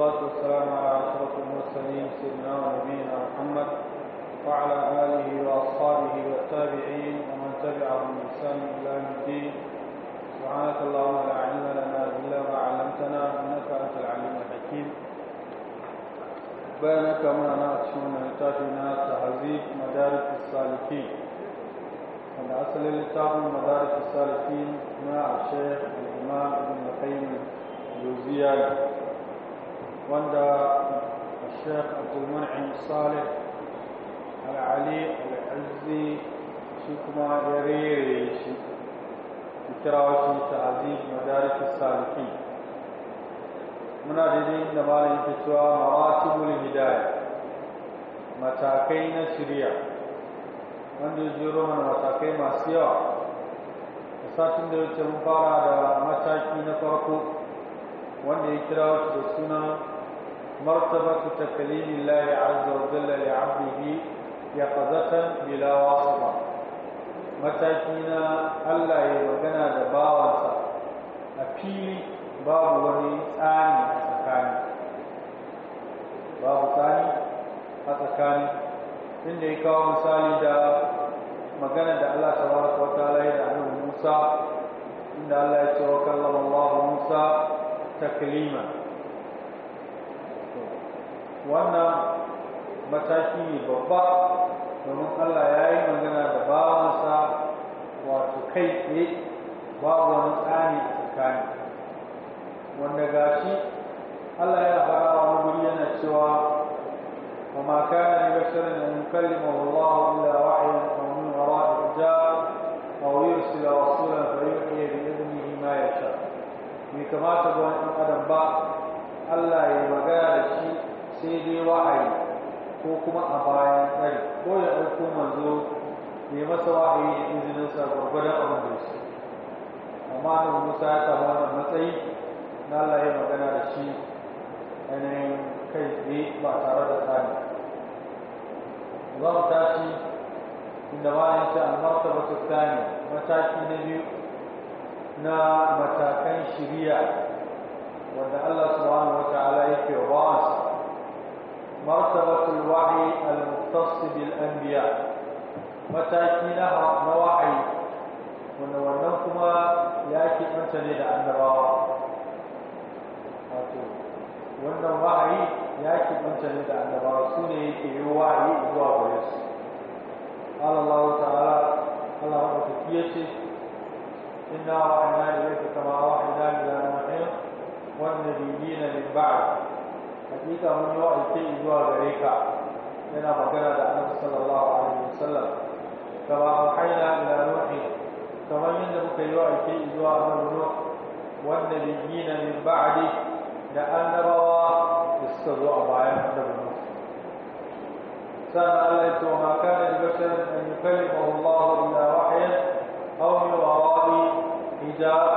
والصلاة والسلام على أشرف المرسلين سيدنا ونبينا محمد وعلى آله وأصحابه والتابعين ومن تبعهم بإحسان إلى يوم الدين سبحانك اللهم لا علم لنا إلا ما علمتنا إنك أنت العليم الحكيم بينك ما ناتشون لتافنا تهذيب مدارك السالكين من أصل لتاف مدارك السالكين مع الشيخ الإمام ابن القيم الجوزياني وندا الشيخ عبد المنعم الصالح العلي العزي شكما يريريش بكراوة تعزيز مدارك السالكين من أجلين لما ينفتوى مراتب الهداية متاكين سريع من جزيرو من متاكين ما ساتن دوچه مفارا دا متاكين فرقو وان يكراوة دسونا مرتبة تكليم الله عز وجل لعبده يقظة بلا واسطة متاكينا ألا يبغنا دباوة أبي باب وني ثاني أتكاني باب ثاني أتكاني إن يكاو مثالي دا مغانا دا الله تبارك وتعالى يدعو موسى إن الله يتوكل الله موسى تكليما wannan mataki ne babba domin Allah ya yi magana da babansa wato kai tsaye babu wani tsani a tsakani wanda gashi Allah ya fara wa guri yana cewa wa ma kana li basharin an yukallima Allah illa wahyan aw min wara'i hijab aw wasu rasulan fa iya bi idnihi ma sha. bai kamata ga wani adam ba Allah ya magana da shi sai dai wa'ayi ko kuma a bayan rai ko ya ɗauko manzo ya masa wahayi da izinin sa gwargwadon abin da su amma da musa ya taɓa wani matsayi na Allah magana da shi ainihin kai tsaye ba tare da tsari za mu tashi inda bayan ya an marta wata tsani mataki na biyu na matakan shiriya wanda Allah subhanahu wa ta'ala yake wa bawansa مرتبة الوحي المختص بالأنبياء متاكينا حقنا وحي ونونكما ياكي أنت لدى النبوة wannan wahayi ya ke mutane da annabawa su ne yake yi wahayi zuwa gare su Allah ta'ala Allah wa ta kiyace inna wa'ana ilayka kama wa'ana ila nuhin wan nabiyina min ba'd mika wani wa'azi zuwa gare ka yana magana da annabi sallallahu alaihi wasallam kama auhayna ila nuhi kamar yadda muka yi wa'azi zuwa annabi nuh wanda biyina min ba'di da annabawa da suka zo a bayan annabi nuh sannan Allah ya ce ma kana li basharin an yukallimahu Allah illa wahyan aw min wara'i hijab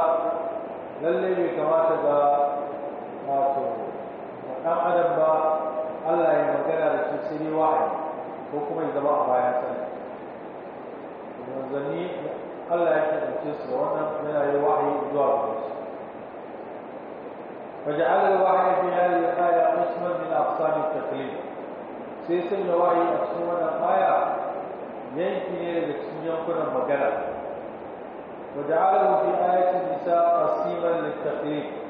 lalle bai kamata ga dan adam ba Allah ya magana da shi sai wahayi ko kuma ya zama a bayan sa manzanni Allah ya kasance su wannan yana yi wahayi zuwa ga su فجعل الوحي في هذه الآية قسما من أقسام التكليف سيسن الوحي أقسام الآية ينكي لكسن ينقل مجرد وجعله في آية النساء قسيما للتكليف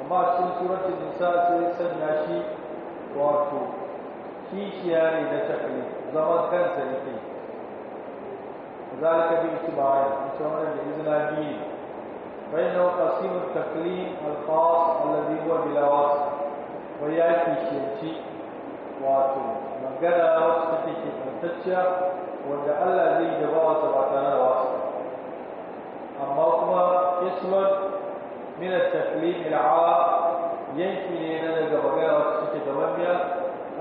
amma cikin suratul nisa sai sanya shi wato kishiya ne na takali zaman kansa yake zalika bi ittiba'i ita wannan da izina biyu bainahu qasim wata taqlim al-khas alladhi huwa bila wasf ya kishiyanci wato magana wacce take kantacciya wanda Allah zai gaba wa ba tare da wasu amma kuma isman من التكليف العار ينفي لنا وغيره الست دوامية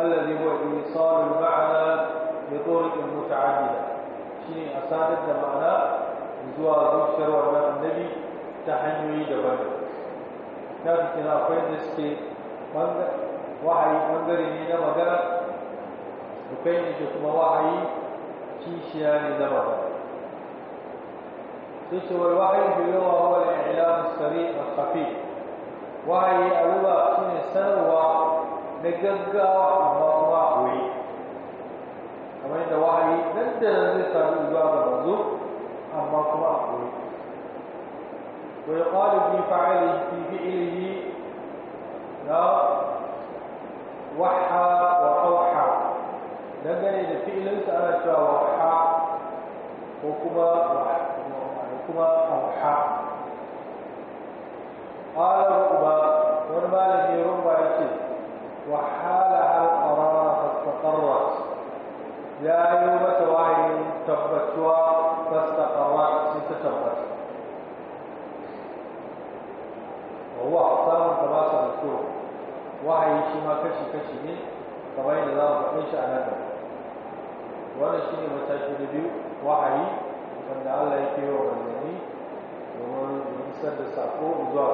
الذي هو إيصال المعنى بطرق متعددة شيء أسادة معنى زوا زوجتر وما النبي تحنوي دوامية كافي كنا فين نسكي وحي منظري لنا مدرة وكين جكما وحي كيشياني يعني لنا مدرة تسوى الوحي في هو العلم العلاج السريع والخفيف وهي أولى سنة سنوة نجدقى مرة قوي إن وحي نجدل نسأل إبادة منذ أما ويقال في فعله في فعله لا وحى وأوحى لما da fi'ilinsa ana وحى waha وحى وكما waha وكما أوحى. قال رؤبا ورما لدي رؤبا يتي وحالها القرار فاستقرت يا يوم توعي تبتوا فاستقرت ستتبت وهو أقسام ثلاثة مذكورة وهي شما كشي كشي kamar yadda za mu faɗe shi a nan wannan shi ne mataki na biyu wahayi wanda Allah yake yi wa manzanni isar da sako zuwa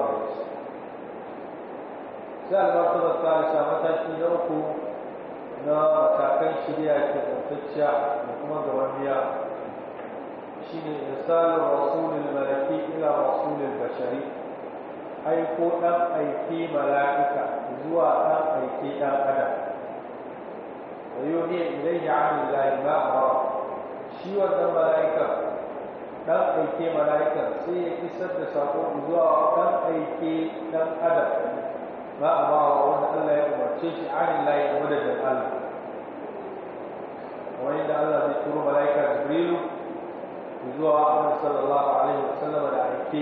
gare shi sai almartaba ta aisha mataki na uku na matakan shirya ke mutacciya da kuma gawamiya shi shine misalin rasulul malaki ila rasulul bashari ko ɗan aiki mala'ika zuwa ɗan aiki ɗan adam wa yuhi ilayhi an lillahi ma shi wannan mala'ika dan aike mala'ika sai ya isar da sako zuwa dan aike dan adam ba a ba wa wanda Allah ya umarce shi an lai wanda da Allah wani da Allah zai turo mala'ika Jibrilu zuwa Annabi sallallahu alaihi wasallam da aike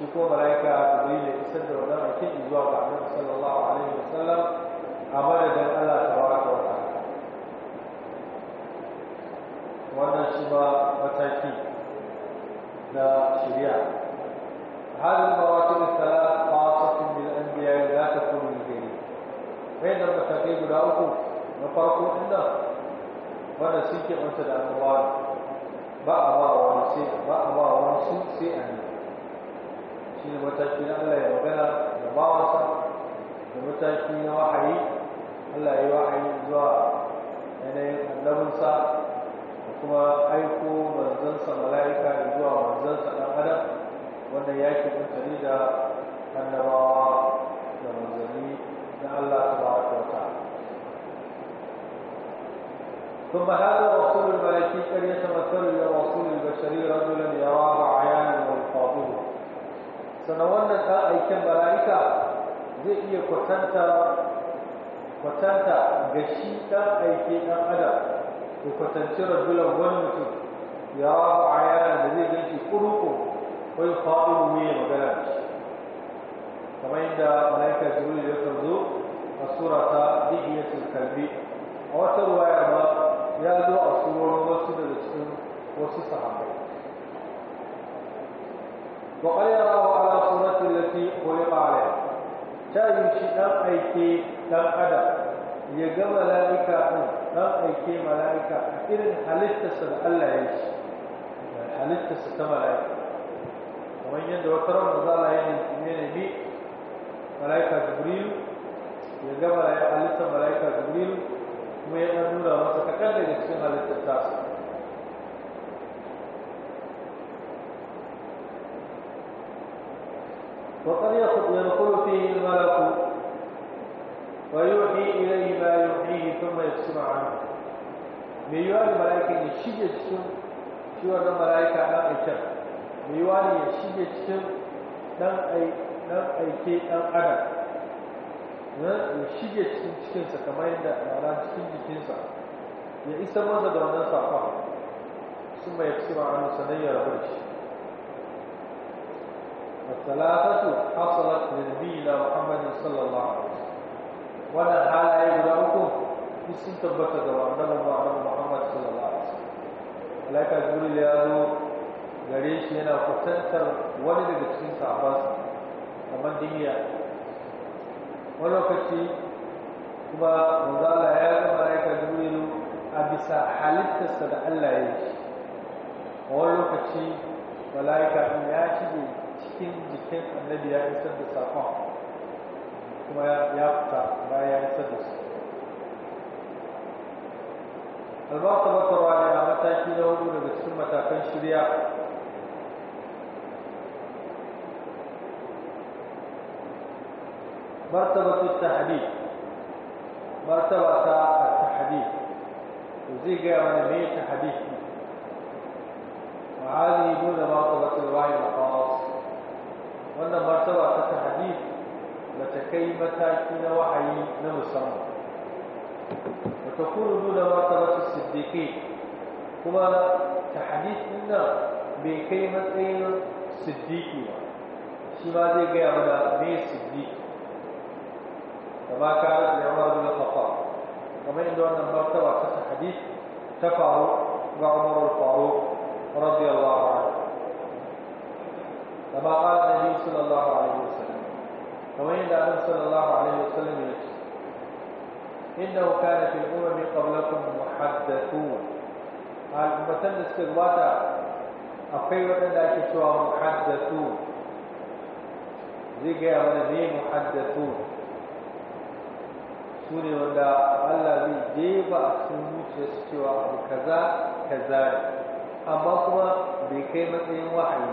shi ko mala'ika Jibril ya kisar da wannan aike zuwa ga Annabi sallallahu alaihi wasallam a madadin Allah tabaraka wa ta'ala wannan shi ba mataki da shari'a halin mawakin salat fasafin da ambiya ya za ta kuma yi gani bai da matakai guda uku na farko inda wanda sun ke da annabawa ba a ba wa wani ba a ba wa wani a ne shi ne mataki na allah ya magana da bawansa da mataki na wahayi allah ya yi zuwa yanayin annabinsa kuma aiko manzansa mala'ika da zuwa manzansa ɗan adam wanda ya ke kare da annabawa da manzanni na Allah ta ba wa ta ثم هذا الرسول الملكي كان يتمثل للرسول البشري رجلا يراه عيانا ويخاطبه سنوانا أي كم ملائكة zai iya kwatanta gashi shi aiki ɗan adam ku kwatanci rajulan wani mutum ya rabu a yana da zai ganci shi kuruku wai faɗi mu ya magana da shi kamar yadda malaika jibril ya kan zo a sura ta dihiyatul kalbi a wata ruwaya ma ya zo a tsoron wasu daga cikin wasu sahabbai وقد wa ala صورته التي خلق عليها ta yi shi ɗan aike ɗan adam ya ga mala'ika ɗin ɗan aike mala'ika a irin halittarsa da Allah ya ce halittarsa ta mala'ika kamar yadda wata ran za a yi ne ne mala'ika jibril ya ga halittar mala'ika jibril kuma ya ɗan nuna masa kaɗan daga cikin halittar tasa وقد يدخل فيه الملك ويوحي إليه ما يوحيه ثم يفصل عنه mai yiwuwa da mala'ika ya shige cikin shi wannan mala'ika ɗan aikin mai yiwuwa ne ya shige cikin ɗan aike ɗan adam ya shige cikin cikinsa kamar yadda mara cikin jikinsa ya isa masa da wannan safa sun mai fi ma'anu ya shi الثلاثة حصلت للنبي محمد صلى الله عليه وسلم wannan halaye guda uku duk sun tabbata ga annabi Muhammad sallallahu alaihi wasallam alaka ya zo gare shi yana kusantar wani daga cikin sahabbansa kamar dinya wani lokaci kuma manzala Allah ya ga malaika jibril a bisa halittarsa da Allah ya yi wani lokaci malaika ya shige cikin jikin annabi ya isar da sakon kuma ya fita bayan ya isar da su albasa bakarwa yana mataki na hudu daga cikin matakan shirya مرتبة التحديد مرتبة التحديد وزيجا من مية تحديد وهذه دون مرتبة الوعي الخاص وأن مرتبة التحديد متكيبتا كنا وحي نمسان وتكون دون واطرة الصديقين كما تحديثنا بكلمة أين صديقنا شماذي قيامنا بي صديق كما قال لعمر بن الخطاب وما إن دعنا مرتبة تحديث تفعل وعمر الفاروق رضي الله عنه كما قال النبي صلى الله عليه وسلم kamar yadda annabi sallallahu alaihi wasallam ya ce innahu kana fil umami qablakum muhaddathun al'ummatan da suka gabata akwai waɗanda ake cewa muhaddathun zai gaya mana ne muhaddathun su ne wanda Allah zai jefa a cikin zuciyarsu kaza amma kuma bai kai matsayin wahayi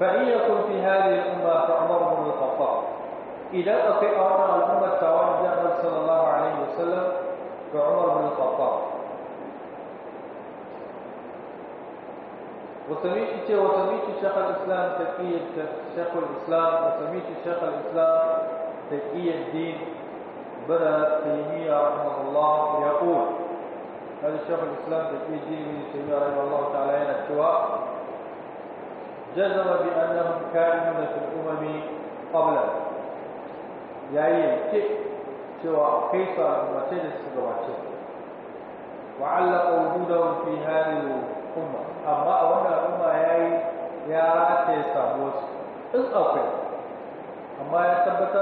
فإن يكن في هذه الأمة فعمر بن الخطاب إذا أطيعنا الأمة التوارد النبي صلى الله عليه وسلم فعمر بن الخطاب وسميت وسميت شيخ الإسلام تكية شيخ الإسلام وسميت شيخ الإسلام تكية الدين بدا تيمية رحمه الله يقول هذا شيخ الإسلام تكية الدين ابن تيمية رحمه الله تعالى ينتوى جزم بأنهم كانوا من الأمم قبلا يعني كيف سوى كيف مثل السجوات وعلق وجودهم في هذه الأمة أما أولا أمة يعني يا راتي سابوس إن أقل أما يثبت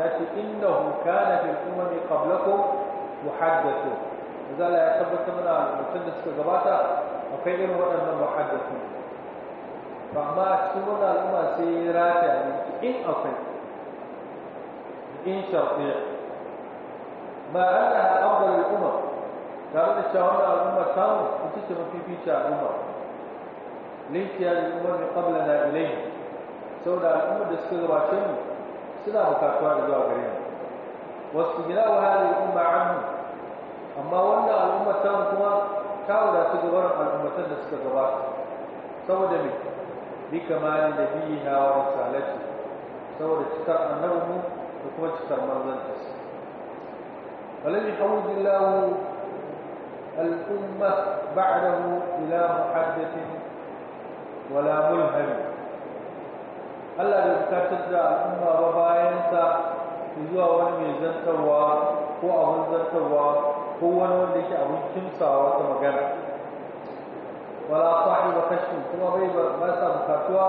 يأتي إنه كان في الأمم قبلكم محدثون إذا لا يثبت من المسلس كذباتا وكيف هو أنه محدثون ba ma cikin wani al'umma sai rata ne in akwai in shafiya ba an da al'ambar al'umma tare da cewa al'umma samu ita ce mafifici al'umma laifiyar yi umarni kabla na ilai saboda al'ummar da suka gabatar mu suna bukatuwa da zuwa gare mu wasu gina wa halin al'umma an amma wannan al'ummar samu kuma ta su gabar al'ummatar da suka gabata saboda mai بكمال نبيها ورسالته سورة تكر أنه وكما تكر مرضانتس فلم يحوج الله الأمة بعده إلى محدث ولا ملهم Allah bai bukatar da al'umma ba bayansa zuwa wani mai zantarwa ko abin zantarwa ko wani wanda yake abin kimsawa ta magana wala sahi wa kashfin kuma bai ba sa bukatuwa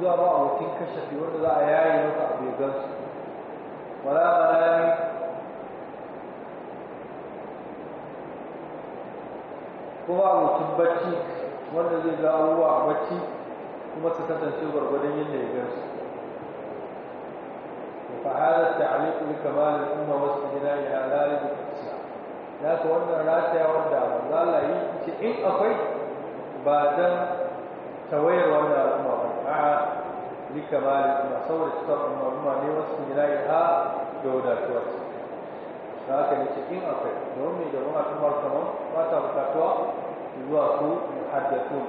zuwa ba a abokin kashafi wanda za a yayi masa abu ya gansu wala balani kuma abokin bacci wanda zai ga abubuwa a bacci kuma su kasance gwargwadon yadda ya gansu فهذا التعليق بكمال الأمة واستدلالها لا يجب الإسلام. لكن وانا راتي وانا وانا لا يجب إن أخيت بعد توير ولا مع لكمال المصور الصبر المعلومة لوصل إليها دولة وصل ذاك نتكين أفر دومي دوما كمار كمان ما تبقى يواكو محدثون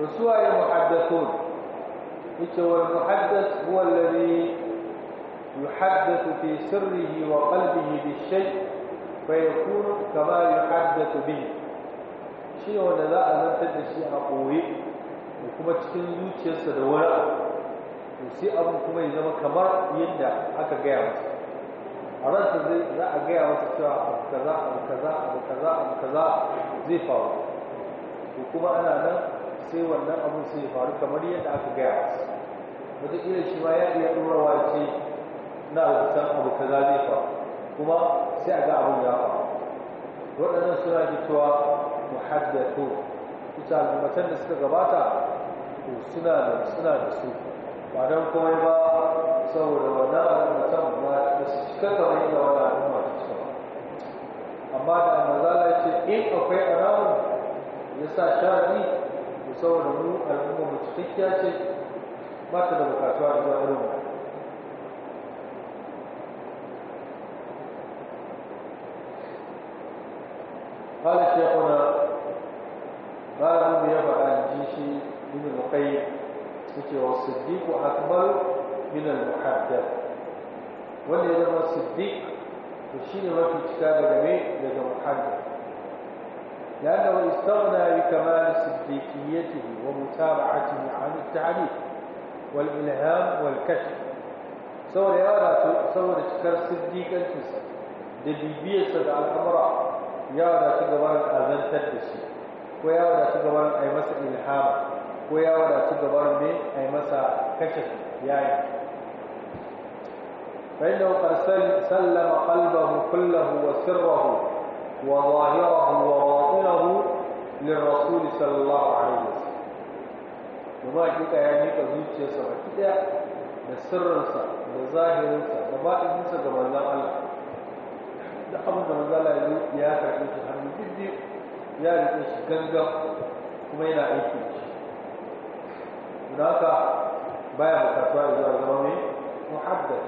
وسوى المحدثون هو المحدث هو الذي يحدث في سره وقلبه بالشيء فيكون كما يحدث به ciwon wanda za a zartar da shi a ɓoye da kuma cikin zuciyarsa da wani abu shi sai abin kuma ya zama kamar yadda aka gaya masa a ranta zai za a gaya masa cewa abu kaza abu kaza abu kaza abu kaza zai faru da kuma ana nan sai wannan abin sai faru kamar yadda aka gaya wata irin shi ma ya iya ɗorawa ce na rubutan abu kaza zai faru kuma sai a ga abin ya faru waɗannan suna fitowa muhaddathu ita matan da suka gabata to suna da suna da su ba dan komai ba saboda wannan al'ummatan ba da suka kawai da wannan al'umma ta ba amma da manzala ya in akwai alamun ya sa sharadi to saboda mu al'umma mu cikakkiya ce ba ta da bukatuwa da wani shi min al-muqayyid yace wa siddiq wa akbar min al-muhaddath wanda ya zama siddiq to shi ne mafi cika da gare daga muhaddath ya da wa istaghna bi kamal siddiqiyyatihi wa mutaba'atihi an at-ta'lim wal ilham wal kashf saboda ya wadatu saboda cikar siddiqancinsa da bibiyarsa da al'amura ya wadatu gabar azantar da shi ko ya wadatu gabar a yi masa ilhama ko ya wadatu gabar ne a yi masa kashe yayi bayan da wuka sallama kalbahu kullahu wa sirrahu wa zahirahu wa batinahu lil rasul sallallahu alaihi wasallam kuma kika ya nika zuciyarsa ba kida da sirrinsa da zahirinsa da ba'idinsa ga manzon Allah da abin da manzon Allah ya karɓi su hannu duk ya rike shi ganga kuma yana aiki da haka baya bukatuwa ya zuwa zama mai muhaddad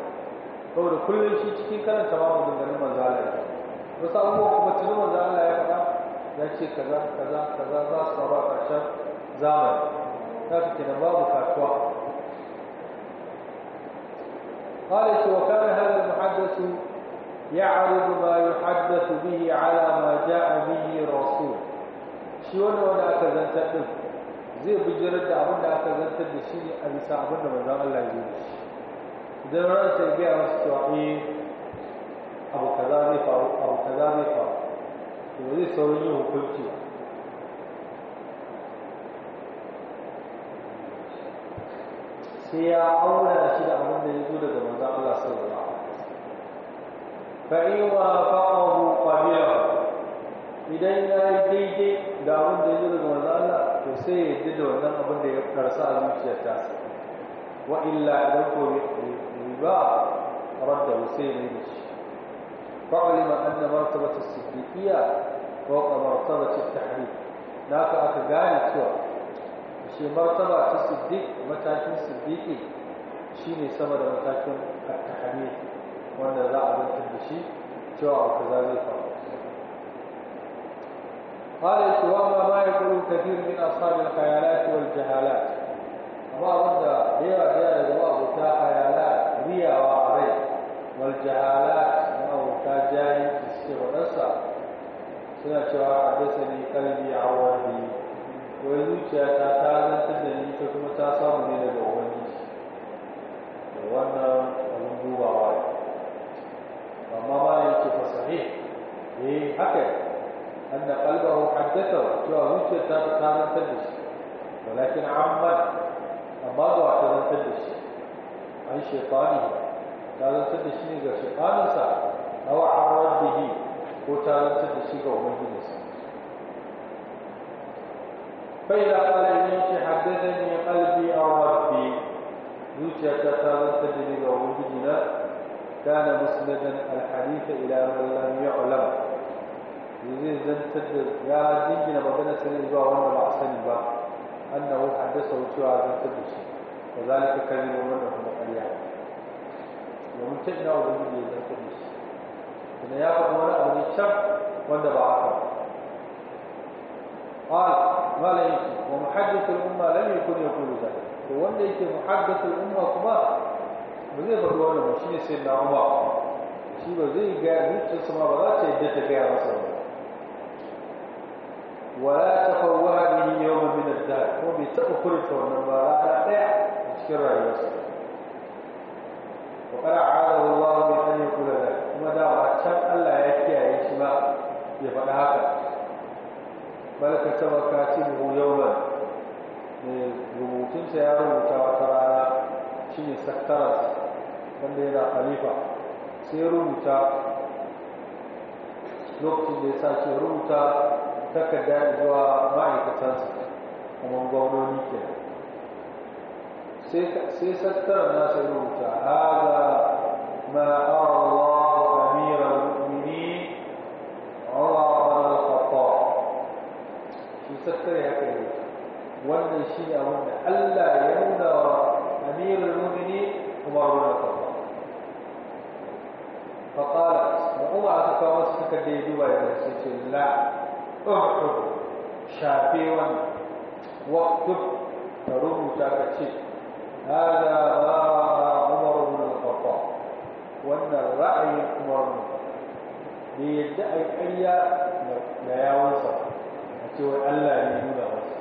saboda kullum shi cikin karanta ma maganganun manzo Allah wasu abubuwa kuma tunan manzo Allah ya faɗa ya ce kaza kaza kaza za su faru a ƙarshen zamani ta fi kenan babu kasuwa قال وكان هذا المحدث يعرض ما يحدث به على ما جاء به الرسول shi wannan wanda aka zantar din zai bijirar da abin da aka zantar da shi ne a bisa abin da manzon Allah ya yi idan ran sai ga wasu cewa abu kaza zai faru abu kaza zai faru to zai saurin hukunci sai ya aura shi da abin da ya zo daga manzon Allah sallallahu alaihi فإن وافقه قبله idan ya yi daidai da abin da ya zo daga manzo to sai ya yi da wannan abin da ya karsa a zuciyar ta wa illa idan ko riba radda sai ne da shi fa ulima anna ko siddiqiyya wa ta martabatu tahdid naka aka gane cewa shi martaba ta siddiq matakin siddiqi shine sama da matakin at wanda za a zartar da shi cewa a kaza zai faru hada shi wanda ma ya kuru kafin min asabin khayalat wal jahalat amma abin da da yawa da yawa da wabuta khayalat riyawa a rai wal jahalat amma wuta jari da suke wadansa suna cewa a dasa ne kalbi a wani wani zuciya ta ta zartar ni ta kuma ta samu ne daga wani wannan abin dubawa ne amma ma ne yake fasahi eh haka anna qalbahu wa cewa wuce ta ta zantar da shi walakin amman amma ba ta zantar da shi an shaytani ta zantar da shi ne ga shaytaninsa aw an rabbihi ko ta zantar da shi ga ubangijinsa فإذا قال إني حدثني قلبي أو ربي zuciyarta ta zanta da daga ubangiji na كان مسندا الحديث إلى من لم يعلم يزيد زنتد يا دينا مدن سنين جوا وانا مع سنين با أنه حدثه توا زنتد وذلك كلمة من من الأليان ومن تجنى أبنه زنتد إن ياخذ ولا أبن الشر وانا بعقب قال ما لا يمكن ومحدث الأمة لم يكن يقول ذلك ووانا يكي محدث الأمة كما ba zai faɗi wannan ba shi ne sai na ba shi ba zai gaya zuciyarsa sama ba za ta yadda ta gaya masa ba wala ta fawwa bihi yawon min ko bai taɓa kurta wannan ba rana ɗaya a cikin rayuwarsa wa qala ruwa Allah bi an yaqula la kuma da can Allah ya kiyaye shi ba ya faɗa haka bal ka tabaka yau yawman eh, rubutunsa ya rubuta wata rana ne saktararsa wanda yana khalifa sai rubuta lokacin da ya sace rubuta takarda zuwa ma'aikatansa kuma gwamnoni ke sai sattara sai rubuta haza ma Allah ya wannan shi ne abin da Allah ya nuna wa amirin mu'mini kuma rubuta فقالت وأوعى تتوسك ديدوا يرسيت الله احفظ شافيوا واكتب تربط كتشف هذا رأى عمر بن الخطاب وأن الرأي عمر بن الخطاب ليدعي أي لا ينصر أتوى ألا يدون غصر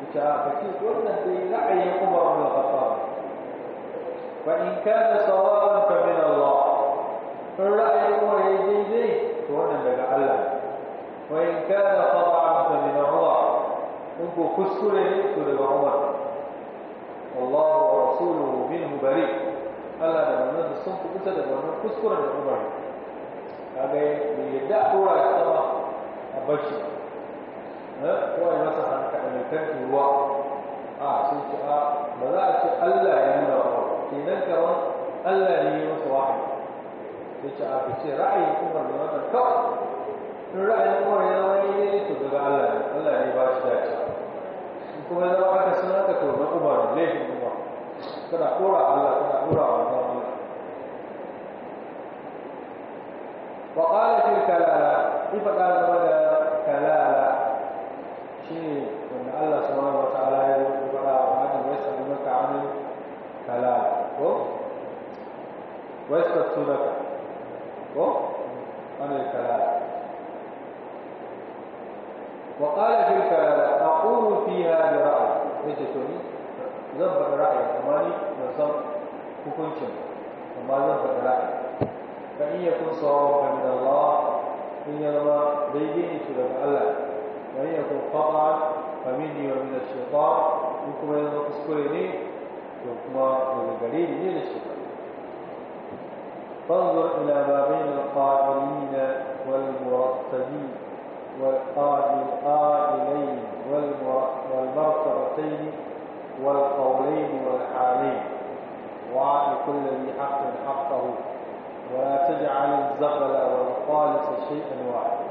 وتعافكيك وأن الرأي عمر بن الخطاب فإن كان صوابا in ra'ayin kuma ya yi daidai to wannan daga Allah wa in kana qada'an fa min Umar in ko kuskure ne to daga Umar Allah wa rasuluhu minhu bari Allah da manzon sun kubuta daga wannan kuskuren da Umar kaga bai yadda a dora shi sama a bacci ko a yi masa hanka a mai kan ruwa a sun ce a ba za a ce Allah ya nuna ba kenan kamar Allah ne ya masa wahayi yace a ka ce ra'ayin umar ne wannan kawai in ra'ayin umar ya wani ne to daga Allah ne Allah ne ba shi dace in kuma ya zama aka sun haka to na umar ne laifin umar kada kora Allah kada kora wa Allah وقال في الكلالة كيف قال هذا كلالة شيء أن الله سبحانه وتعالى يقول وهذا ويسألونك عن الكلالة ويستفتونك ko ana kala wa qala fi kala aqulu zan bada ra'ayi amma ni na san hukuncin amma zan bada ra'ayi kai ya ku so kan da Allah in ya ma dai ji ni Allah kai ya ku fata kamini wa min ash-shaytan kuma ya ku skore ni ko kuma ya gari ni ne shi فانظر إلى ما بين القائلين والمرتبين والقائلين والمرتبتين والقولين والحالين وعاء كل ذي حق حقه ولا تجعل الزغل والخالص شيئا واحدا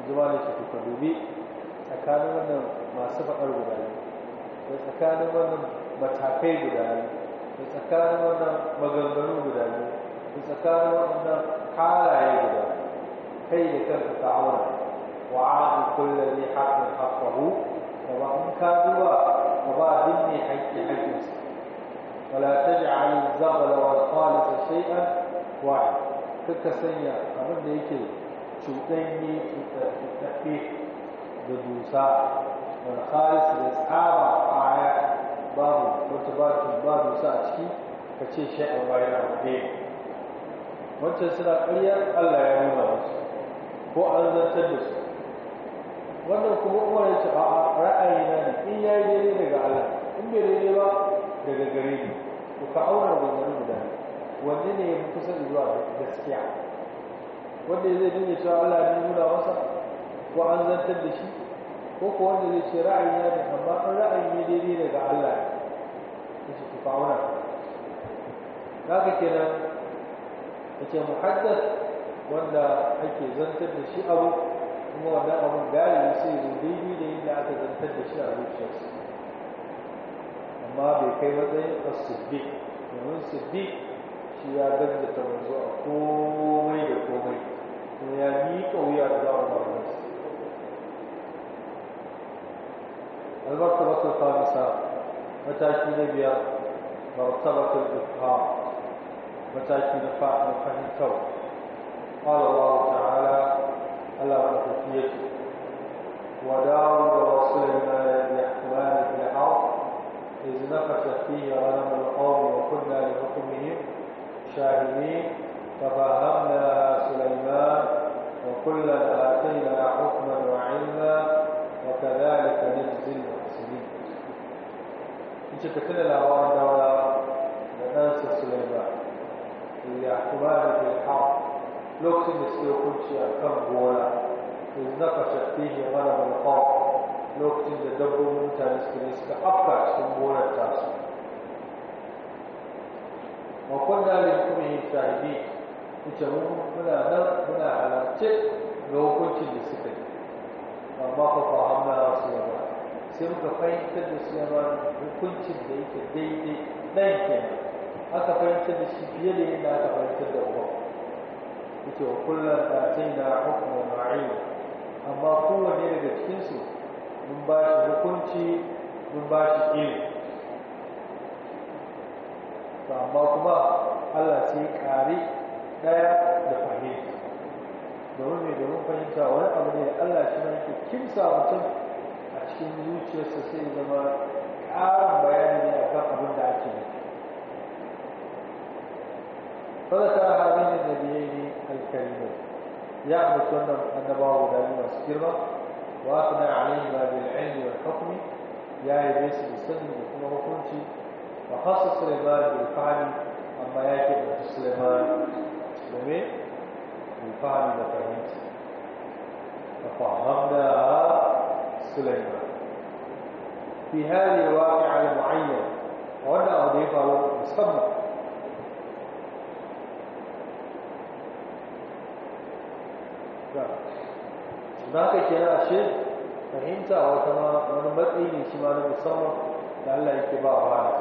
الزوال يشكو كدوبي أكان من ما سبق الغبالي أكان من tsakanin wannan matakai guda ne da tsakanin wannan ku kawo waɗannan halaye guda kai da kanka ta aura wa adu kullu li haqqin haqqahu ba in ka duba ka ba din ne haƙƙi haƙƙinsa wala taj'al zabala wal khalisa shay'an wahid kaka sanya abin da yake cuɗanye cuɗaɗɗe da dusa wal khalis da tsaba aya babu wata ba dusa a ciki ka ce shi a bayan abu ɗaya wancan suna ƙarya Allah ya nuna musu ko an zartar da su wannan kuma kuma ya ce a ra'ayi na ne in ya yi daidai daga Allah in bai daidai ba daga gare ni to ka auna wannan guda wanne ne ya fi kusa zuwa gaskiya wanda zai dinga cewa Allah ya nuna masa ko an zartar da shi ko ko wanda zai ce ra'ayi na ne amma an ra'ayi ne daidai daga ake muhaddas wanda ake zantar da shi abu kuma wanda abu gari ne sai zo daidai da yadda aka zantar da shi a zuciyarsa amma bai kai matsayin as-siddiq domin siddiq shi ya ta manzo a komai da komai kuma ya miƙa wuya da za'a umarninsa المرتبة الخامسة متى كي نبيا مرتبة الإفهام mataki na fahimtar قال الله تعالى ألا تفيت وداود وسليمان يحكمان في الحرب إذ نفشت فيه غنم القوم وكنا لحكمهم شاهدين ففهمنا سليمان وكلا آتينا حكما وعلما وكذلك نجزي المحسنين إن شكتنا لأوان دولة لأنسى سليمان للاعتماد في الحرب لوكسن السيوكوتشي كم بولا إذ نقشت فيه غنم القاف لوكسن لدبو ممتاز كنسك أبقى سنبولا التاسع وكنا لحكمه شاهدين ita muna nan muna halarce ga hukuncin da suka yi amma fa ba hamna su yaba sai muka fahimtar da su hukuncin da yake daidai nan kenan aka fahimtar da shi fiye da yadda aka fahimtar da uwa ita wa kullum da ta yi na hukumar ma'ayi amma kowane daga cikinsu mun ba shi hukunci mun ba shi ilimi amma kuma allah sai kare ɗaya da fahimta domin mai domin fahimta wani abu ne allah shi ne kimsa mutum a cikin zuciyarsa sai zama ƙarin bayani ne a kan abin da ake nufi فذكر هذين النبيين الكريمين يعني سنة بعض دائما سكرة وأقنع عليهما بالعلم والحكم يا إبليس بالسلم بكم كنت وخاصة سليمان بالفعل أما يأتي أنت سليمان سليمان بالفعل وفهمت ففهمنا سليمان في هذه الواقعة المعينة وأنا أضيفه مسمى ba ka kira ashe fahimta wata ma wani matsayi ne shi ma na musamman da Allah yake ba wa hana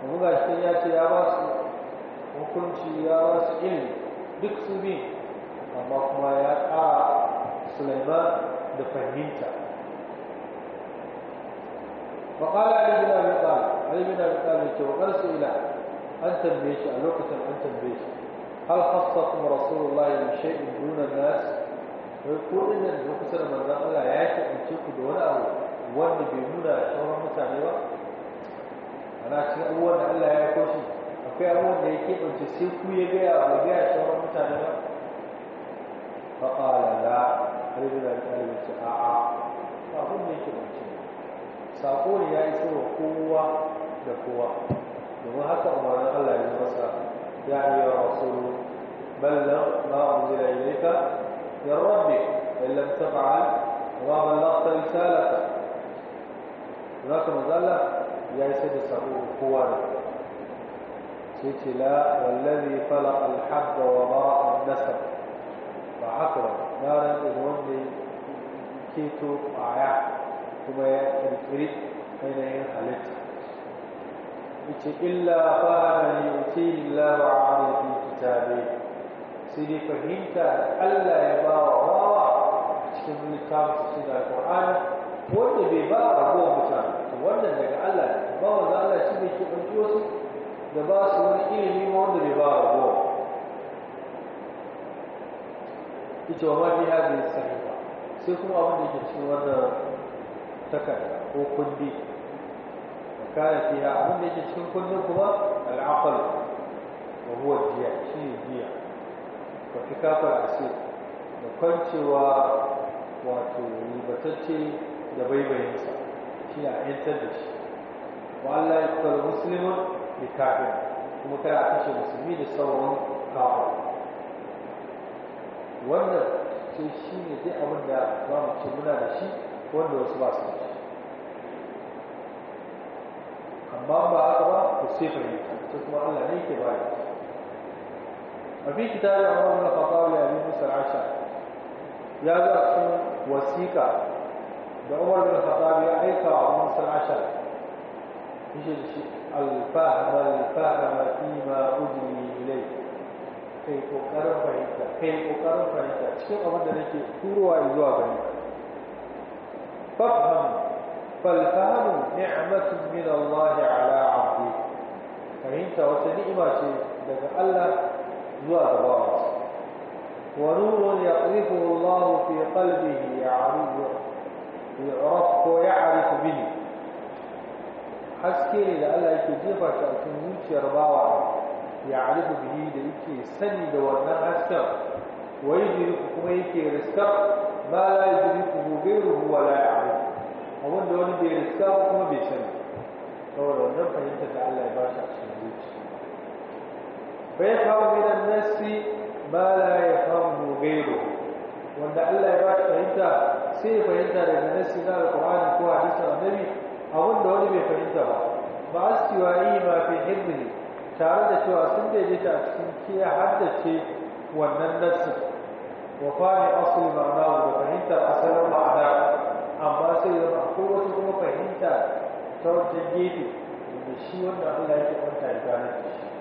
kuma ga shi ya ce ya ba su hukunci ya ba su ilmi duk su bi amma kuma ya ƙara Sulaiman da fahimta فقال علي بن ابي طالب علي بن ابي طالب وقال سئل an tambaye shi a lokacin an tambaye shi hal khassakum rasulullahi bi shay'in duna nas wai ko din nan da kusa da manzon Allah ya ce in ce ku da wani abu wanda bai nuna sauran mutane ba ana cikin abubuwan da Allah ya koshi akwai abubuwan da ya keɓance sai ku ya gaya ba gaya sauran mutane ba faƙala la har da kalmar ce a'a ba abin da yake bance sako ne ya iso wa kowa da kowa domin haka umarnin Allah ya yi masa ya yi wa rasulu ballan ma unzila ilayka يا ربي إن لم تفعل وما بلغت رسالتك هناك مظلة يا سيدي صبور قوانا سيدي لا والذي خلق الحب وراء النسب فحقرا نارا إذن كيتو آيات كما يكريت أين ينحلت إلا من يؤتيه الله عليه في كتابه sai dai fahimta da Allah ya ba wa bawa cikin littafin su da Qur'ani wanda bai ba wa rabuwar mutane wannan daga Allah ba wa za Allah shi ne ke ɗauki wasu da ba su wani ilimi wanda bai ba wa rabuwar ita wa mafi ya bai sani ba sai kuma abin da ke cikin wannan takarda ko kundi kana fiya abin da ke cikin kundin kuma al'aqal wa huwa diya shi ne diya tafi kafar ashe da kwancewa wato ribatacce da baibayinsa shi a yantar da shi Ba Allah ya kwallo musulma da kafin kuma kai a kashe musulmi da sauran kafa. wannan ce shi ne dai abin da ba mu ce muna da shi wanda wasu ba su shi amma ba aka ba ku sai fahimta sai kuma Allah ne ke bayar وفي كتاب عمر بن الخطاب لابي موسى العشر يا ذا وثيقه عمر بن الخطاب يا ايقا عمر موسى العشر يجي الفهم الفهم فيما أدري إليه kai kokarin fahimta kai kokarin fahimta cikin abin da nake turowa zuwa gani fafham falfahamu ni'matun min Allah ala abdi fahimta ni'ima ce daga Allah ونور يقذفه الله في قلبه يا يعرفه ويعرف به حسكي لألا يتجيب شعر الموت يربع يعرف به لإكي سند ونمع السر ويجرك كميكي رسر ما لا يدركه غيره ولا يعرف ومن دون بيرسر كما بيسند فولو النمح ينتفع الله يباشر شأك الموت فيفهم من الناس ما لا يفهمه Wanda Allah ya يبارك fahimta sai ya fahimta daga nassi na alƙur'ani ko hadisin annabi abin da wani bai fahimta ba ba astiwa yi ma fi hirri tare da cewa sun daidaita a cikin kiya haddace wannan nassi wa fani asali ma'ana da fahimtar asalin ma'ana amma sai zama akwai wata kuma fahimta ta wancan gefe da shi wanda Allah yake kwanta ya gane da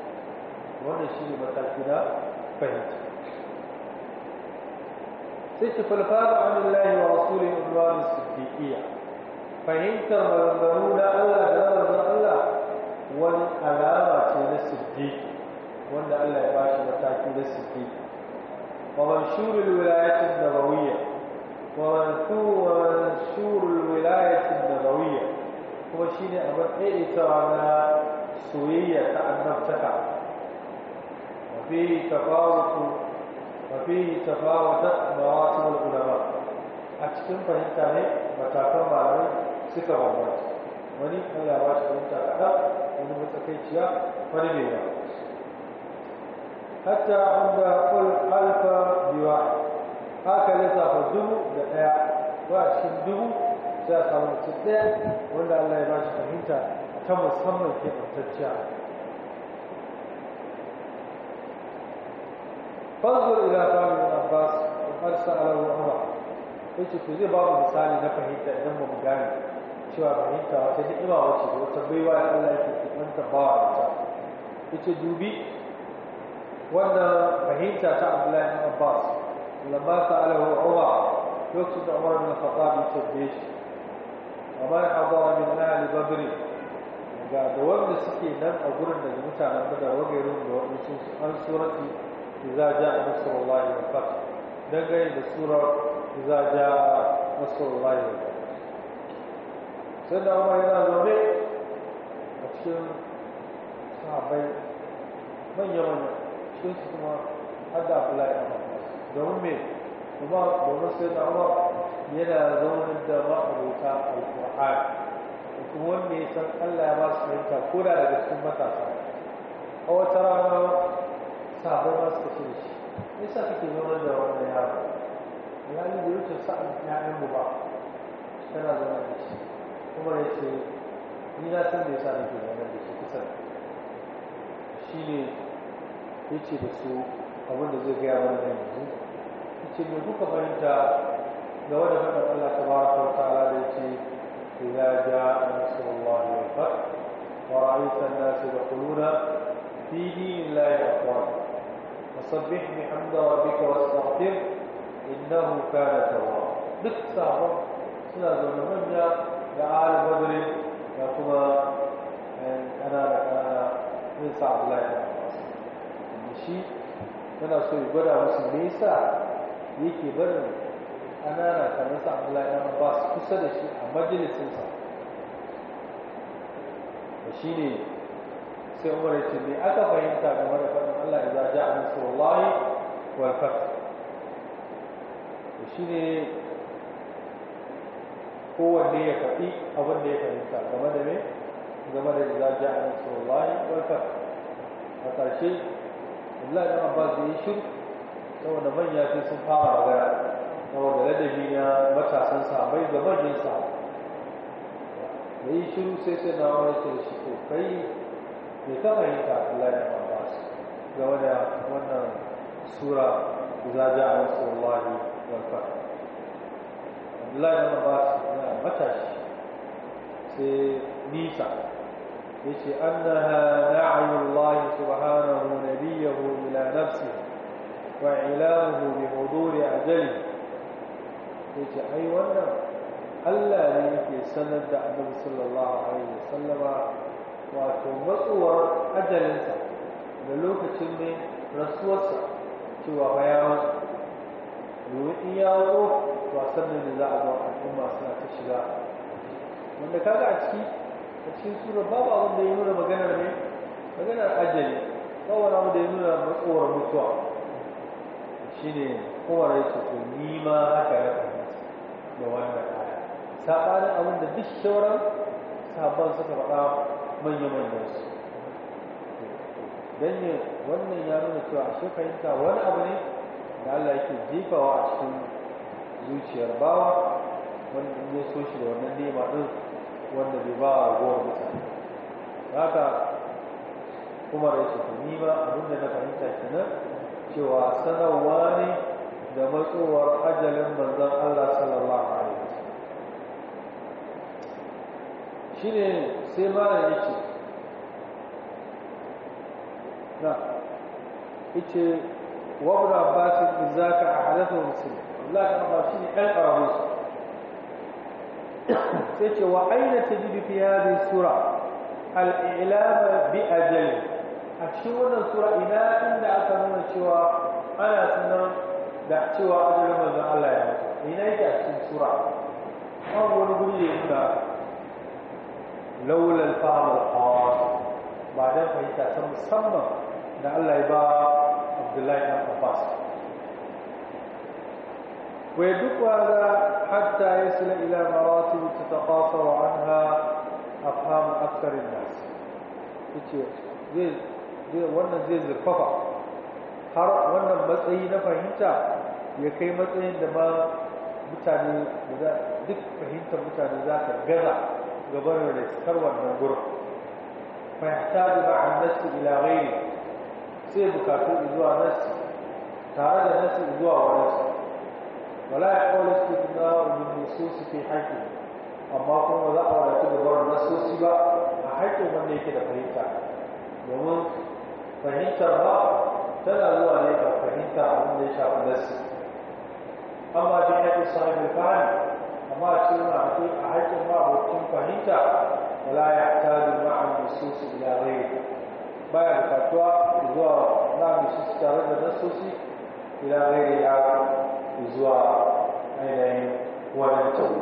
wannan shi ne mataki na fahimta sai ce falfada anillahi wa rasulun ibn siddiqiyya fahimtar maganganu na Allah da manzon Allah wani alama ce na siddiqi wanda Allah ya ba shi mataki na siddiqi wa manshurul wilayatin nabawiyya ومنشور الولاية النبوية هو شيء أمر إيه ترانا سوية تعنم تقع فيه تفاوت ففيه تفاوتت مراتب العلماء أتكلم فهمت ne matakan malamai suka bambanta wani Allah ba shi fahimta kaɗa wani matsakaiciya wani ne ba hatta an da kul alfa biwa haka lissafa dubu da ɗaya ba a cikin dubu za a samu mutum ɗaya wanda Allah ya bashi fahimta ta musamman ke ɓantacciya fanzur ila sami bin abbas har sa'alahu umar ya ce zai ba mu misali na fahimta idan ba mu gane cewa fahimta wata ni'ima wace da wata baiwa da Allah yake kimanta ba wa ta ya dubi wannan fahimta ta Abdullahi bin Abbas lamma sa'alahu umar lokacin da umar bin khattab ya tabbe shi amma ya hadara min ahli badr ga da wanda suke nan a gurin da mutanen badar wagairu da wani sun an surati إذا جاء نصر الله والفتح da sura إذا جاء نصر الله والفتح سيدنا عمر هنا زوني أتشم صحابي من يمنى شو اسمه هذا عبد الله kuma domin sai da umar yana zaunin da ma'abuta alƙur'an kuma wanda ya san allah ya ba su fahimta ko daga cikin matasa a wata rana sahabai suka ce shi me yasa kake zama da wannan yaro alhali da yau sa'an ƴaƴan mu ba tana zama da shi kuma ya ce ni na san da yasa nake zama da shi kusan shi ne ya ce da su abin da zai gaya mana ne. ya ce me kuka fahimta ga wanda faɗin Allah ta wa ta'ala da ya ce إذا جاء نصر الله والفتح ورأيت الناس يدخلون في دين الله sabbih bihamdi rabbika ina innahu kana tawwab duk sabon suna zaune manja da ala madrid da kuma ƙanana ƙanana sun sa Abdullahi da shi tana so ya gwada musu nesa yake barin ƙanana kamar sa Abdullahi da Abbas kusa da shi a majalisinsa da shi ne sai umar ce me aka fahimta game da faɗin Allah idza ja'a nasrullahi wal shi ne kowanne ya faɗi abin da ya fahimta game da ne game da idza a nasrullahi wal fath a ƙarshe Allah ya ba ya yi shiru saboda manya ce sun fara magana saboda ladabi na matasan sabai da manyan sa da yi shiru sai sai na wani ce shi to kai me ta fahimta Allah ya ba game da wannan sura za ja a wasu wallahi walfa abdullahi na ba na matashi sai nisa ya ce an na na'ayullahi subhanahu nabiyahu ila nafsi wa ilahu bi a ajali ya ce ai wannan Allah ne yake sanar da annabi sallallahu alaihi wasallama wato matsuwar ajalinsa da lokacin ne rasuwarsa cewa ba ya domin in ya wato wasan da za a ba al'umma suna ta shiga wanda kaga a ciki a cikin sura babu abin da ya nuna maganar ne maganar ajali ba wani abu da ya nuna matsowar mutuwa shine kowar ya su ko ni ma haka ya fahimta da wannan aya saɓanin abin da duk shauran sabon suka faɗa manya-manyan dan ne wannan ya nuna cewa shi fahimta wani abu ne da Allah yake jifawa a cikin zuciyar bawa wanda ya so shi da wannan nema din wanda bai ba a gowar mutane haka kuma da yake ni ba abinda na fahimta shi kenan cewa sanarwa ne da matsowar ajalin manzon Allah sallallahu alaihi wasallam shine sai malam yake yace wa ibn abbas izaka ahdathu muslim Allah ta ba shi dan karamin su sai ce wa aina tajidu fi hadhihi sura al-i'lam bi ajal a cikin wannan sura ina inda aka nuna cewa ana sunan da cewa ajalin manzon Allah ya mutu ina yake a cikin sura an wani guri da laulal fahimal khas ba dan fahimta ta musamman da Allah ya ba Abdullah ibn Abbas ويدق هذا حتى يصل إلى مراتب تتقاصر عنها أفهام أكثر الناس wannan zai zurfafa har wannan matsayi na fahimta ya kai matsayin da ma mutane duk fahimtar mutane za ta gaza gabanin da cikar wannan gurin fahimta da ma'an nasu ila gairi sai bukatu zuwa nasi tare da nasi zuwa wani wala ya kawai su kuma min nususi ke haƙi amma kuma za a wadatu da wani nasosi ba a haƙin wanda yake da fahimta domin fahimtar ba tana zuwa ne ba fahimta a wanda ya shafi nasi amma haƙi haƙin sahibin fahimta amma a cikin haƙi a haƙin a fahimta wala ya tari ma'an nususi ila rai baya bukatuwa zuwa na mishi tare da nasoshi ila gairi ya zuwa ainihin wannan tun.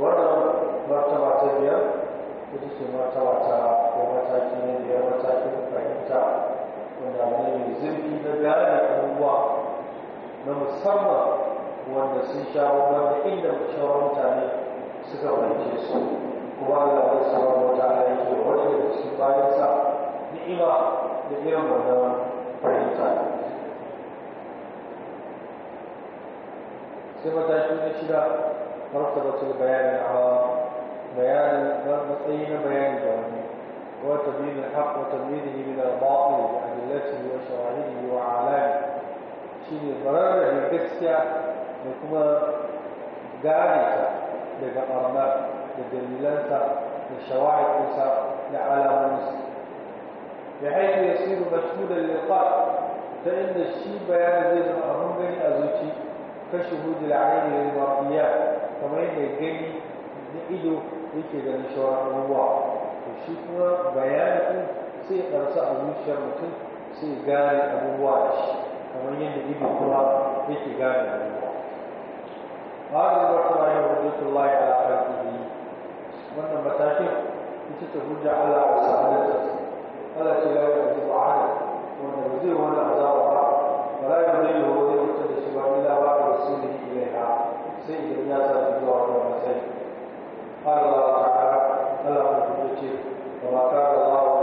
wannan martaba ta biyar ita ce martaba ta ko mataki ne da ya matakin fahimta wanda ne mai zurfi na gane abubuwa na musamman wanda sun sha wanda inda shawar mutane suka fahimce su kuma ga wani sabon wata ala yake wani da cikin bayansa ni'ima 这些我的回忆在。sai matashi na shida martabatul bayani a bayanin matsayi na bayani da wani وتبين الحق وتمييزه من الباطل بأدلته وشواهده وعلامه شيء ضرر الجسيا وكما ذلك لقرامات لدليلانسا لشواهد نسا لعلامات بحيث يصير مشهودا للقلب فإن الشيء بيان زي ما أهم غني أزوتي كشهود العين للمرئيات كما إن الجني نئدو yake ganin shawar abubuwa to shi kuma bayanin sai karsa a zuciyar mutum sai gane abubuwa da shi kamar yadda ido kuma yake gane abubuwa هذا المرتبة هي وجود الله على خلقه وأن متاكد تتهجى على سعادته Allah ce ya yi abu ba ala wani azaba ba ba za ka zai yiwu da shi ba illa ba da wasu da sai idan ya sa su zuwa wani Allah ta'ala Allah ta ce ba ma Allah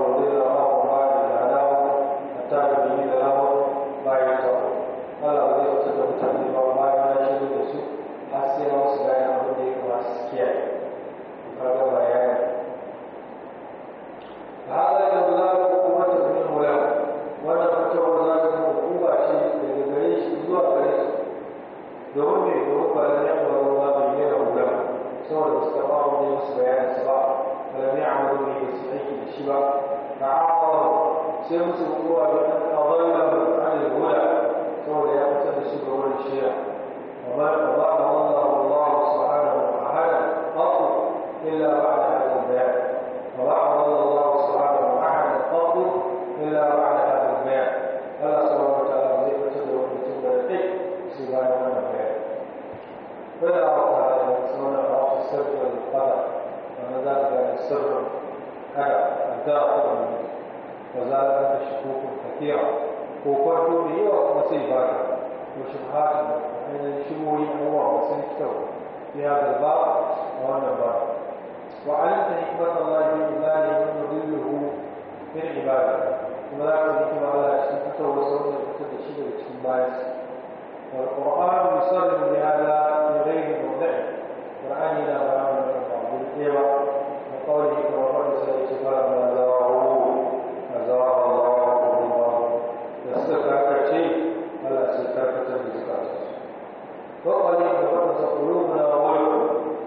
kokoli kokoli sokulu na wolu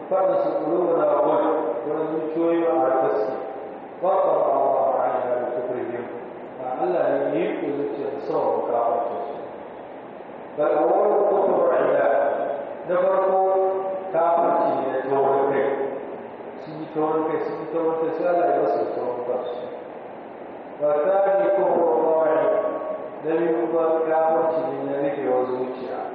kokoli sokulu na wolu kuma mun koyi wa hadisi kokoli Allah ta'ala da tukuri ne ma Allah ne yi ku zuci sau ka ku ba wolu ko to ayya da farko ka farci ne to wolu shi to wolu ke shi to wolu ke sai Allah ya wasu to wolu ba shi wa tani na wolu da ni ku ba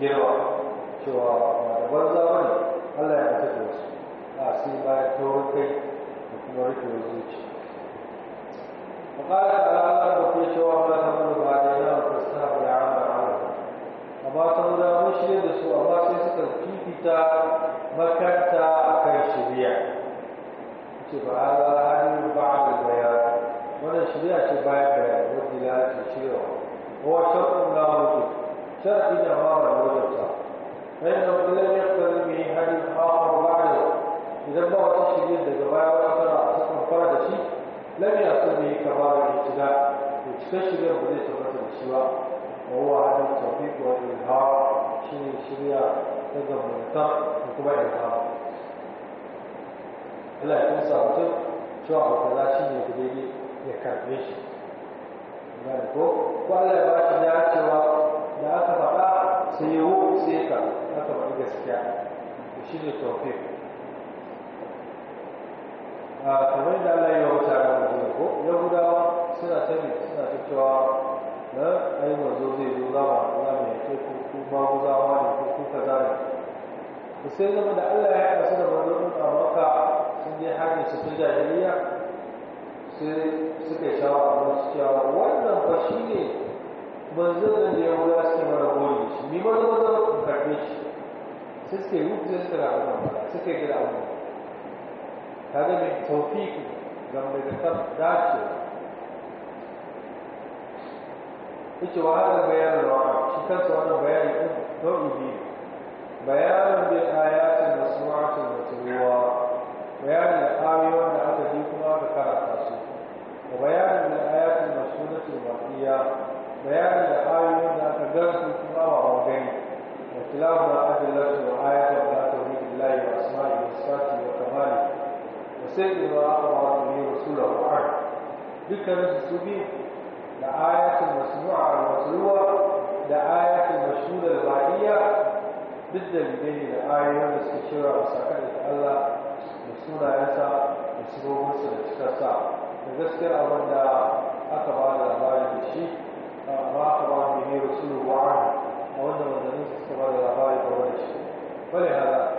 girma cewa wadabar zama ne allah ya mutu da wasu a sai bayan tawon kai da kuma rike wa zuci a ƙasa da ala'adar da ke cewa mata mun ba da yana da ya hana hana a mata mun damu da su amma sai suka fifita makanta a kan shirya ce ba ala hannu ba a da baya wannan shirya ce baya da wajen ya ce cewa wata ƙunga mutu شرع جوارا وجبتا فإنه لم يقتل به حديث آخر بعده إذا الله تشهد الجواب وشرع سكن فرد شيء لم يصل به كبار الابتداء يستشهد بذي صفة السواء وهو عدم التوفيق والإلهار شيء شريع تقدم من التر وكما إلهار Allah ya kusa mutum cewa abu kaza shi ne da daidai ya karbe shi. Ko Allah ya ba shi dacewa da aka faɗa sai yiwu sai ka aka faɗi gaskiya da shi ne tofi a kamar da Allah ya wuta da mutum ko yahudawa suna ta ne suna ta na ai zai zo za mu za ku ku ba ku wa ne ko ku za ne sai zama da Allah ya kasu da wanzo ɗin a maka sun je hajji cikin jahiliya sai suka yi shawara a cewa wannan ba shi ne manzo da ya wura su mara goyi shi ni ma zama zama in karbe shi sai suka yi rubuta suka da abuwa suka yi da abuwa ta zama taufiki ga da ta dace ita bayanin rawa shi kansa wannan bayanin ɗin nau'i biyu bayanin bai ayatin masu'atun matruwa bayanin ayoyin da aka bi kuma aka karanta su bayanin da ayatin masu'atun waqiya bayanin da ayoyin da aka gansu kuma ba ba gani da tilawa da ajilar su ayatar da ta wuri illahi wa asma'i wa sati da kamali da sai da wa aka ba da ne rasula wa ar dukkanin su su bi da ayatul masmu'a al da ayatul masu al ba'iyya duk da bidai da ayoyin da suka shira wa sakar da Allah da sunayensa da sifofinsa da cikarsa da gaskiyar abin da aka ba da labarin da shi ما أخبر به رسوله عنه وأن من استقبل الأخبار فولش ولهذا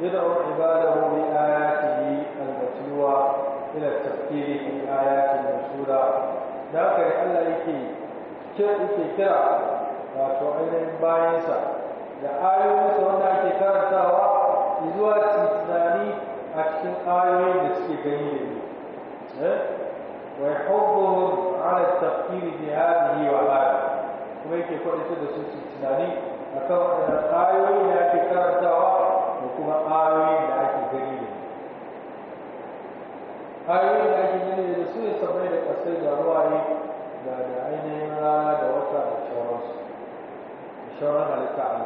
يدعو عباده بآياته المتلوة إلى التفكير في آيات المرسولة ذاك لألا يكي كرا wato ainihin bayansa da ayoyinsa wanda ake karantawa zuwa tunani a cikin ayoyin da suke gani da ne wa yahubbuhum على التفكير في هذه وهذه kuma yake kwaɗi su da su su tunani a kan waɗanda ƙayoyin da karantawa da kuma ƙayoyin da ake gani da ƙayoyin da ake gani da su da ƙasai da da ainihin rana da wata da shawararsu da shawarar halitta a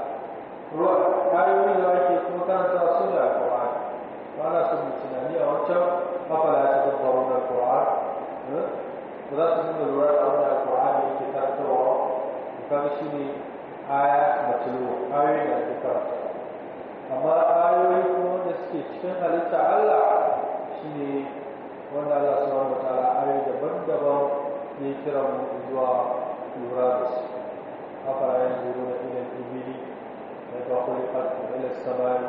ruwa ƙayoyin da ake kuma karantawa su da alƙawa ba na su da tunani a wancan mafalata da faruwar alƙawa to za su dinga lura da wanda alƙur'ani yake karantarwa to kaga shi ne aya matulu ayoyi da ake amma ayoyi kuma wanda suke cikin halitta Allah shi ne wanda Allah subhanahu wa ta'ala ayoyi daban-daban ya kira mu zuwa lura da su afara yanzu ruwa ila ibili كيف خلقت da السماء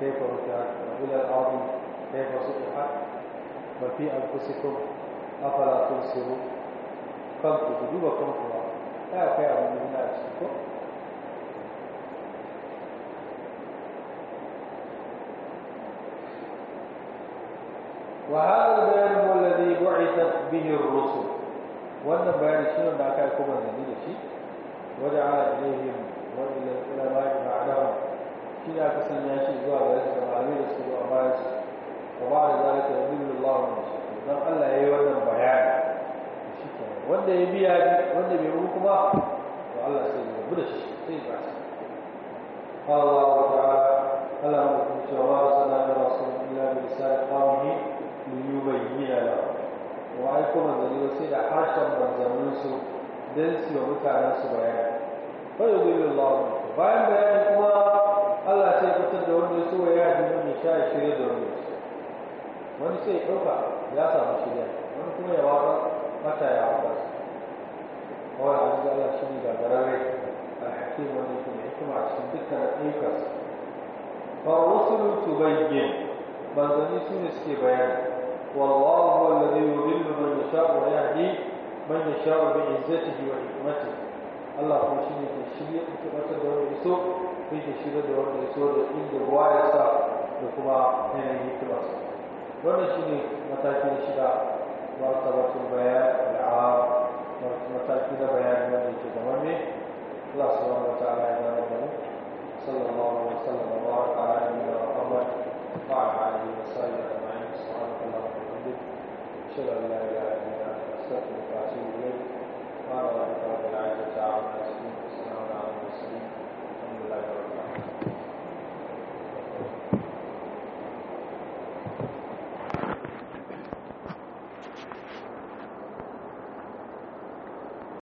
كيف رفعت وإلى الأرض كيف سطحت وفي أنفسكم afala tusiru kan duba kan kuwa ta kai abu ne na shi ko wa hada bayan wallazi bu'ita bihi ar-rusul wannan bayani shi ne da aka yi kuma da shi wajen ala ilayhim da kula ba shi ba ala shi da aka sanya shi zuwa bayan su ba a bayan su ba ba da zalika da bin lullahu ne shi don Allah ya yi wannan bayani wanda ya biya wanda bai yi kuma to Allah sai ya rabu da shi sai ba shi Allah wa ta'ala Allah mu kunce wa sallallahu alaihi sallam ila sa'i qawmi li yubayyana lahu wa ai kuma zalilo sai da harshen manzannin su dan su yi mutanen su bayani fa yudillu Allah bayan bayani kuma Allah sai ya fitar da wanda ya so ya yi da ya shirye da wanda wani sai ɗauka ya samu shirya wani kuma ya wafa mata ya wafa kawai an ga Allah shi ne gagararre a hakim wani shi ne hikima a cikin dukkan ba fa rusulun tubayyin manzanni su ne suke bayani wallahu huwa alladhi yudillu man yasha'u wa yahdi man yasha'u bi izzatihi wa hikmatihi Allah kuma shi ne ke shirya ta tabbatar da wanda ya so yake shirya da wanda ya so da inda ruwa ya sa da kuma yanayin hikimarsa wannan shi ne matakin shida martabatul bayan al'am mataki na bayan wanda yake da mamme Allah subhanahu wa ta'ala ya zama da mu sallallahu alaihi wa sallam wa baraka ala nabiyyina Muhammad wa ala alihi wa sahbihi ajma'in subhanallahi wa bihamdihi ashhadu an la ilaha illa anta astaghfiruka wa atubu ilayk wa ala alihi wa sahbihi ta'ala السلام عليكم ورحمة الله وبركاته